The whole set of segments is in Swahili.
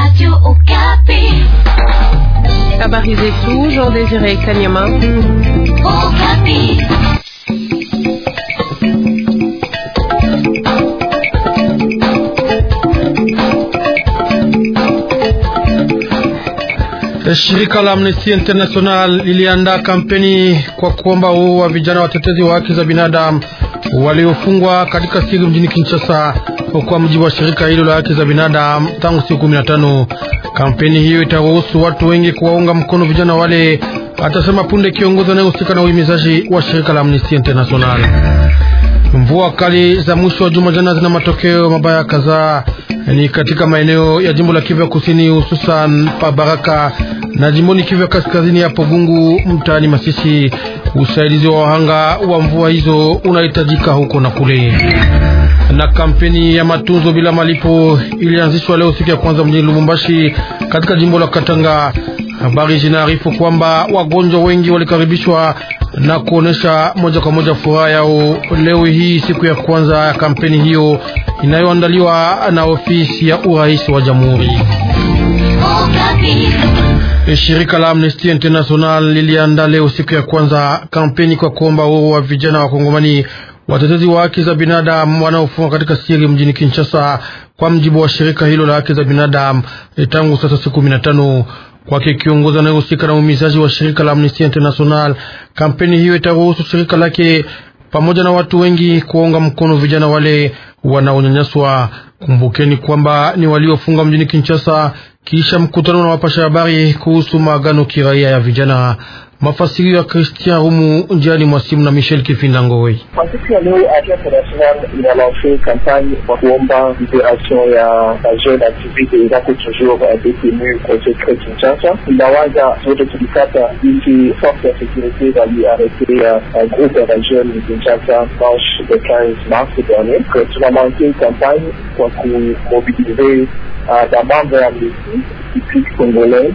Radio Habari zetu Jean Désiré Kanyama. Shirika la Amnesty International liliandaa kampeni kwa kuomba uhuru wa vijana watetezi wa haki za binadamu waliofungwa katika siri mjini Kinshasa. Kwa mjibu wa shirika hilo la haki za binadamu, tangu siku 15 kampeni hiyo itaruhusu watu wengi kuwaunga mkono vijana wale, atasema punde kiongozi anayehusika na uhimizaji wa shirika la Amnesty International. Mvua kali za mwisho wa juma jana zina matokeo mabaya kadhaa, ni katika maeneo ya jimbo la Kivu Kusini, hususan pa Baraka na jimboni Kivu ya kaskazini hapo Gungu mtaani Masisi, usaidizi wa wahanga wa mvua hizo unahitajika huko na kule. Na kampeni ya matunzo bila malipo ilianzishwa leo siku ya kwanza mjini Lubumbashi katika jimbo la Katanga. Habari zinaarifu kwamba wagonjwa wengi walikaribishwa na kuonesha moja kwa moja furaha yao leo hii, siku ya kwanza ya kampeni hiyo inayoandaliwa na ofisi ya urais wa jamhuri. Oh, E, shirika la Amnesty International liliandaa leo siku ya kwanza kampeni kwa kuomba uhuru wa vijana wa Kongomani watetezi wa haki za binadamu wanaofungwa katika siri mjini Kinshasa, kwa mjibu wa shirika hilo la haki za binadamu, e, tangu sasa siku 15 kwake kiongozi anayehusika na umizaji wa shirika la Amnesty International. Kampeni hiyo itaruhusu shirika lake pamoja na watu wengi kuunga mkono vijana wale wanaonyanyaswa. Kumbukeni kwamba ni waliofunga mjini Kinshasa kisha mkutano na wapasha habari kuhusu maagano kiraia ya vijana Mafasirio ya Christian Rumu njiani mwasimu na Michel Kifinda Ngoi. Kwa siku ya leo Action International inalanse kampagne kwa kuomba liberation ya bajeune activiste ezako toujours detenu konsekre Kinshasa. Inawaza zote tulikata inji force ya sekurite waliaretea groupe ya bajeune Kinshasa manche de 15 mars dernier. Tunalanse kampagne kwa kumobilize bamambo uh, ya mlisi kipiki congolais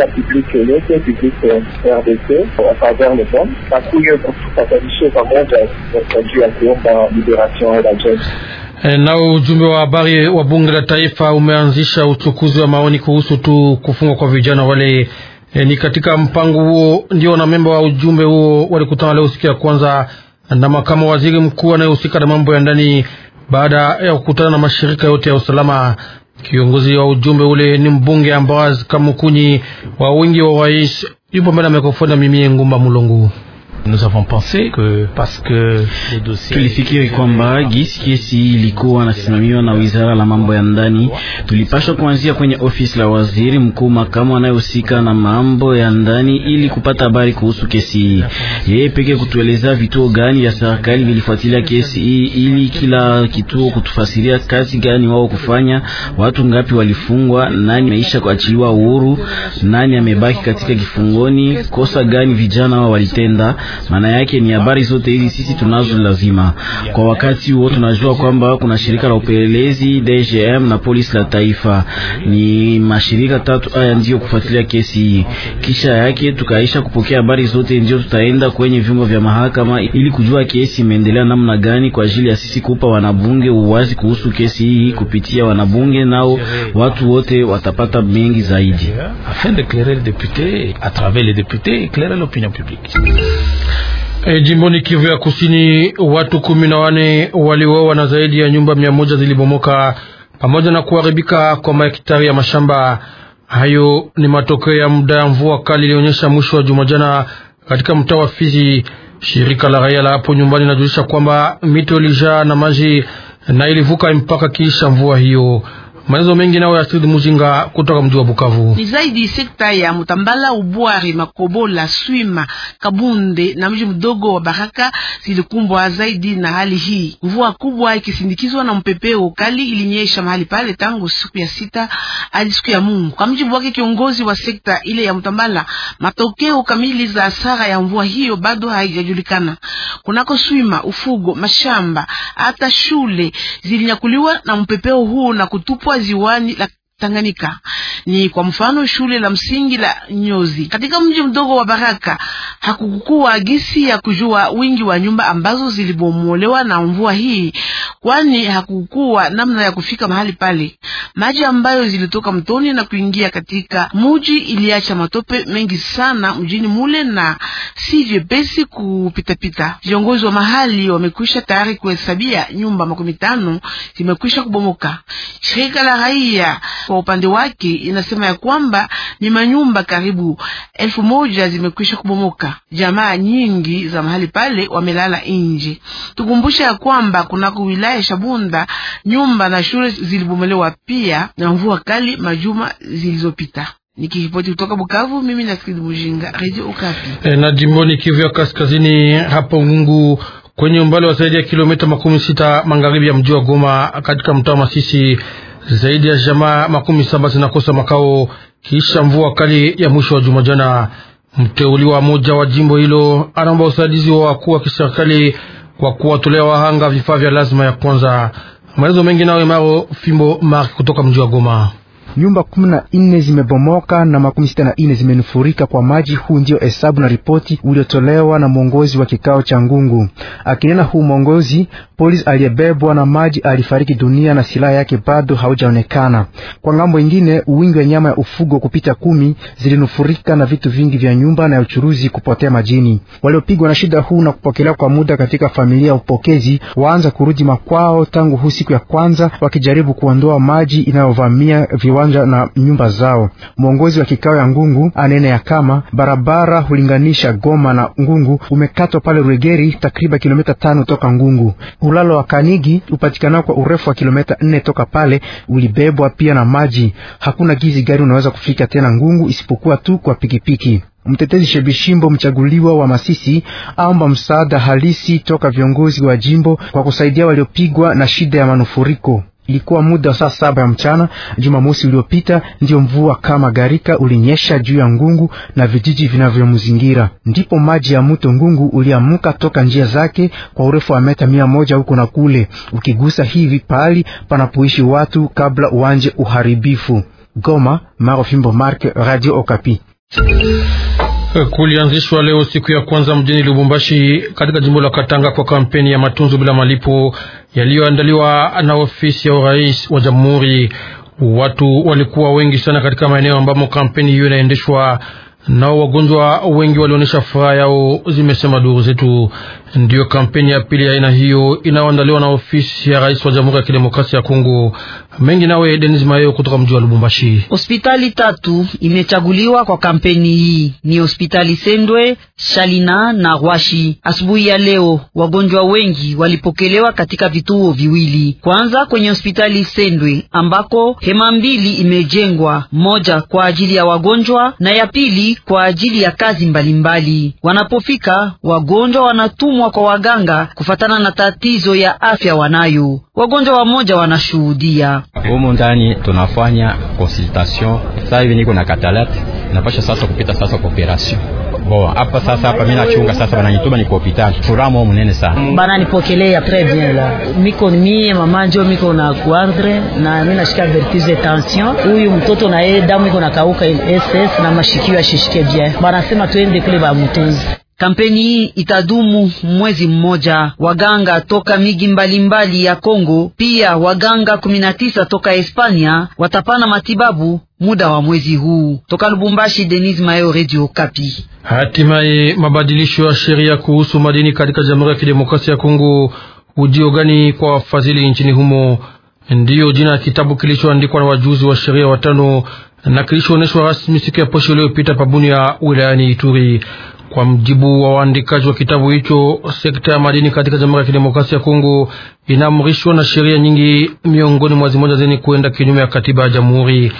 kanisa publiki yoyote publiki RDC a travers le euh, euh, monde euh, eh, na kuyo kutupatanishia pamoja katika njia ya kuomba liberation ya Nigeria. Nao ujumbe wa habari wa bunge la taifa umeanzisha uchukuzi wa maoni kuhusu tu kufungwa kwa vijana wale. E, ni katika mpango huo ndio na memba wa ujumbe huo walikutana leo siku ya kwanza na makamu waziri mkuu anayehusika na mambo ya ndani baada ya kukutana na mashirika yote ya usalama. Kiongozi wa ujumbe ule ni mbunge Ambroise Kamukunyi wa wingi wa rais, yupo mbele ya mikrofoni ya mimie Ngumba Mulungu. Tulifikiri kwamba gisi kesi ilikuwa nasimamiwa na wizara la mambo ya ndani, tulipashwa kuanzia kwenye ofisi la waziri mkuu makamu anayehusika na mambo ya ndani ili kupata habari kuhusu kesi hii. Yeye peke kutueleza vituo gani vya serikali vilifuatilia kesi hii, ili kila kituo kutufasiria kazi gani wao kufanya, watu ngapi walifungwa, nani maisha kuachiliwa uhuru, nani amebaki katika kifungoni, kosa gani vijana wao walitenda maana yake ni habari zote hizi sisi tunazo lazima kwa wakati huo. Tunajua kwamba kuna shirika la upelelezi DGM na polisi la taifa, ni mashirika tatu haya ndio kufuatilia kesi hii. Kisha yake tukaisha kupokea habari zote, ndio tutaenda kwenye vyombo vya mahakama ili kujua kesi imeendelea namna gani, kwa ajili ya sisi kupa wanabunge uwazi kuhusu kesi hii. Kupitia wanabunge, nao watu wote watapata mengi zaidi. Afin d'éclairer le député, à travers les députés, éclairer l'opinion publique. E, jimboni Kivu ya Kusini, watu kumi na wane waliuawa na zaidi ya nyumba mia moja zilibomoka pamoja na kuharibika kwa mahektari ya mashamba. Hayo ni matokeo ya muda ya mvua kali ilionyesha mwisho wa juma jana katika mtaa wa Fizi. Shirika la raia la hapo nyumbani inajulisha kwamba mito ilijaa na maji na ilivuka mpaka kiisha mvua hiyo. Maelezo mengi nayo ya Astrid Mujinga kutoka mji wa Bukavu. Ni zaidi sekta ya Mutambala, Ubwari, Makobola, Swima, Kabunde na mji mdogo wa Baraka zilikumbwa zaidi na hali hii. Mvua kubwa ikisindikizwa na mpepeo kali ilinyesha mahali pale tangu siku ya sita hadi siku ya Mungu. Kwa mjibu wake kiongozi wa sekta ile ya Mutambala, matokeo kamili za hasara ya mvua hiyo bado haijajulikana. Kunako Swima, ufugo, mashamba hata shule zilinyakuliwa na mpepeo huu na kutupwa kubwa ziwani la Tanganyika ni kwa mfano shule la msingi la Nyozi katika mji mdogo wa Baraka. Hakukuwa gisi ya kujua wingi wa nyumba ambazo zilibomolewa na mvua hii, kwani hakukuwa namna ya kufika mahali pale. Maji ambayo zilitoka mtoni na kuingia katika muji iliacha matope mengi sana mjini mule na si vyepesi kupitapita. Viongozi wa mahali wamekwisha tayari kuhesabia nyumba makumi tano zimekwisha kubomoka. Shirika la raia kwa upande wake inasema ya kwamba ni manyumba karibu elfu moja zimekwisha kubomoka. Jamaa nyingi za mahali pale wamelala nje. Tukumbusha ya kwamba kunako wilaya wilaya Shabunda nyumba na shule zilibomolewa pia na mvua kali majuma zilizopita. Nikiripoti kutoka Bukavu, mimi nasikiliza Mujinga, Radio Okapi. E, na jimboni Kivu ya Kaskazini hapo ngungu kwenye umbali wa zaidi ya kilomita makumi sita magharibi ya mji wa Goma katika mtaa wa Masisi, zaidi ya jamaa makumi saba zinakosa makao kisha mvua kali ya mwisho wa juma jana. Mteuliwa moja wa jimbo hilo anaomba usaidizi wa wakuu wa kiserikali kwa kuwatolea wahanga vifaa vya lazima ya kwanza. Maelezo mengi nayo Maro Fimbo Mark kutoka mji wa Goma nyumba kumi na nne zimebomoka na makumi sita na nne zimenufurika kwa maji. Huu ndio hesabu na ripoti uliotolewa na mwongozi wa kikao cha Ngungu. Akinena huu mwongozi, polisi aliyebebwa na maji alifariki dunia na silaha yake bado haujaonekana. Kwa ngambo ingine, uwingi wa nyama ya ufugo kupita kumi zilinufurika na vitu vingi vya nyumba na ya uchuruzi kupotea majini. Waliopigwa na shida huu na kupokelewa kwa muda katika familia ya upokezi waanza kurudi makwao tangu huu siku ya kwanza, wakijaribu kuondoa maji inayovamia viwa viwanja na nyumba zao. Mwongozi wa kikao ya Ngungu anene ya kama barabara hulinganisha Goma na Ngungu umekatwa pale Ruegeri, takriban kilomita tano toka Ngungu. Ulalo wa Kanigi upatikana kwa urefu wa kilomita nne toka pale ulibebwa pia na maji. Hakuna gizi gari unaweza kufika tena Ngungu isipokuwa tu kwa pikipiki. Mtetezi Shebishimbo mchaguliwa wa Masisi aomba msaada halisi toka viongozi wa jimbo kwa kusaidia waliopigwa na shida ya manufuriko. Ilikuwa muda wa saa saba ya mchana Jumamosi uliopita, ndio mvua kama gharika ulinyesha juu ya Ngungu na vijiji vinavyomzingira. Ndipo maji ya mto Ngungu uliamuka toka njia zake kwa urefu wa meta mia moja huko na kule, ukigusa hivi pahali panapoishi watu kabla uanje uharibifu. Goma, Marofimbo Mark, Radio Okapi kulianzishwa leo siku ya kwanza mjini Lubumbashi katika jimbo la Katanga kwa kampeni ya matunzo bila malipo yaliyoandaliwa na ofisi ya urais wa jamhuri. Watu walikuwa wengi sana katika maeneo ambamo kampeni hiyo inaendeshwa nao wagonjwa wengi walionyesha furaha yao, zimesema duru zetu. Ndiyo kampeni ya pili ya aina hiyo inayoandaliwa na ofisi ya rais wa Jamhuri ya Kidemokrasia ya Kongo. Mengi nawe Denis Mayo kutoka mji wa Lubumbashi. Hospitali tatu imechaguliwa kwa kampeni hii, ni hospitali Sendwe, Shalina na Rwashi. Asubuhi ya leo wagonjwa wengi walipokelewa katika vituo viwili, kwanza kwenye hospitali Sendwe ambako hema mbili imejengwa, moja kwa ajili ya wagonjwa na ya pili kwa ajili ya kazi mbalimbali. Wanapofika, wagonjwa wanatumwa kwa waganga kufatana na tatizo ya afya wanayo. Wagonjwa wamoja wanashuhudia humo ndani, tunafanya consultation sasa hivi niko na katalati napasha sasa kupita sasa operation poa hapa sasa. Hapa mimi nachunga sasa, bananituma niko hospitali, furamo mnene sana, bananipokelea tres bien la miko mie mama njo miko na kuandre na mimi nashika vertige tension, huyu mtoto na yeye damu iko nakauka SS na mashikio ashishike bien, banasema twende kule ba mtunzi. Kampeni hii itadumu mwezi mmoja. Waganga toka miji mbalimbali ya Kongo, pia waganga 19 toka Hispania watapana matibabu muda wa mwezi huu. Toka Lubumbashi, Denis Mayo, Radio Kapi. Hatimaye mabadilisho ya sheria kuhusu madini katika Jamhuri ya Kidemokrasia ya Kongo, ujio gani kwa wafadhili nchini humo? Ndiyo jina ya kitabu kilichoandikwa na wajuzi wa sheria watano na kilichoonyeshwa rasmi siku ya posho iliyopita pabuni ya wilayani Ituri. Kwa mjibu wa waandikaji wa kitabu hicho, sekta ya madini katika Jamhuri ya Kidemokrasia ya Kongo inaamrishwa na sheria nyingi, miongoni mwa zimoja zenye kuenda kinyume ya katiba ya jamhuri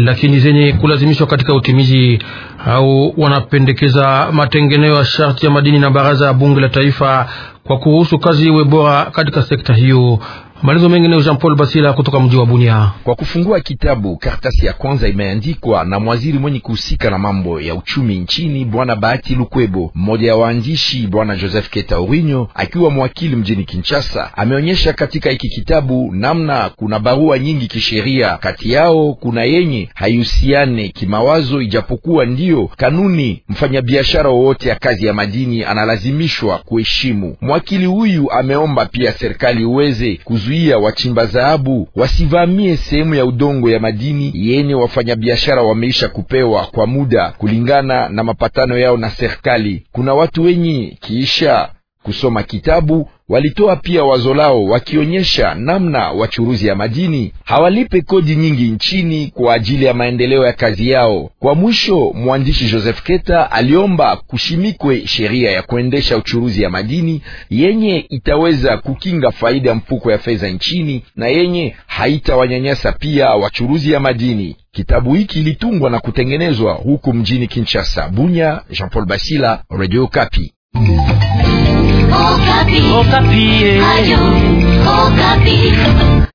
lakini zenye kulazimishwa katika utimizi au wanapendekeza matengenezo ya sharti ya madini na baraza ya bunge la taifa kwa kuruhusu kazi iwe bora katika sekta hiyo Maelezo mengi Jean Paul Basila kutoka mji wa Bunia. Kwa kufungua kitabu, karatasi ya kwanza imeandikwa na mwaziri mwenye kuhusika na mambo ya uchumi nchini, bwana Bahati Lukwebo. Mmoja ya waandishi bwana Joseph Keta Urinyo, akiwa mwakili mjini Kinshasa, ameonyesha katika hiki kitabu namna kuna barua nyingi kisheria, kati yao kuna yenye haihusiane kimawazo, ijapokuwa ndiyo kanuni mfanyabiashara wowote ya kazi ya madini analazimishwa kuheshimu. Mwakili huyu ameomba pia serikali uweze kuzu kuzuia wachimba dhahabu wasivamie sehemu ya udongo ya madini yenye wafanyabiashara wameisha kupewa kwa muda kulingana na mapatano yao na serikali. Kuna watu wenye kiisha kusoma kitabu Walitoa pia wazo lao wakionyesha namna wachuruzi ya madini hawalipe kodi nyingi nchini kwa ajili ya maendeleo ya kazi yao. Kwa mwisho, mwandishi Joseph Keta aliomba kushimikwe sheria ya kuendesha uchuruzi ya madini yenye itaweza kukinga faida ya mfuko ya fedha nchini na yenye haitawanyanyasa pia wachuruzi ya madini. Kitabu hiki ilitungwa na kutengenezwa huku mjini Kinshasa. Bunya, Jean Paul Basila, Radio Kapi. Okapi. Okapi. Eh.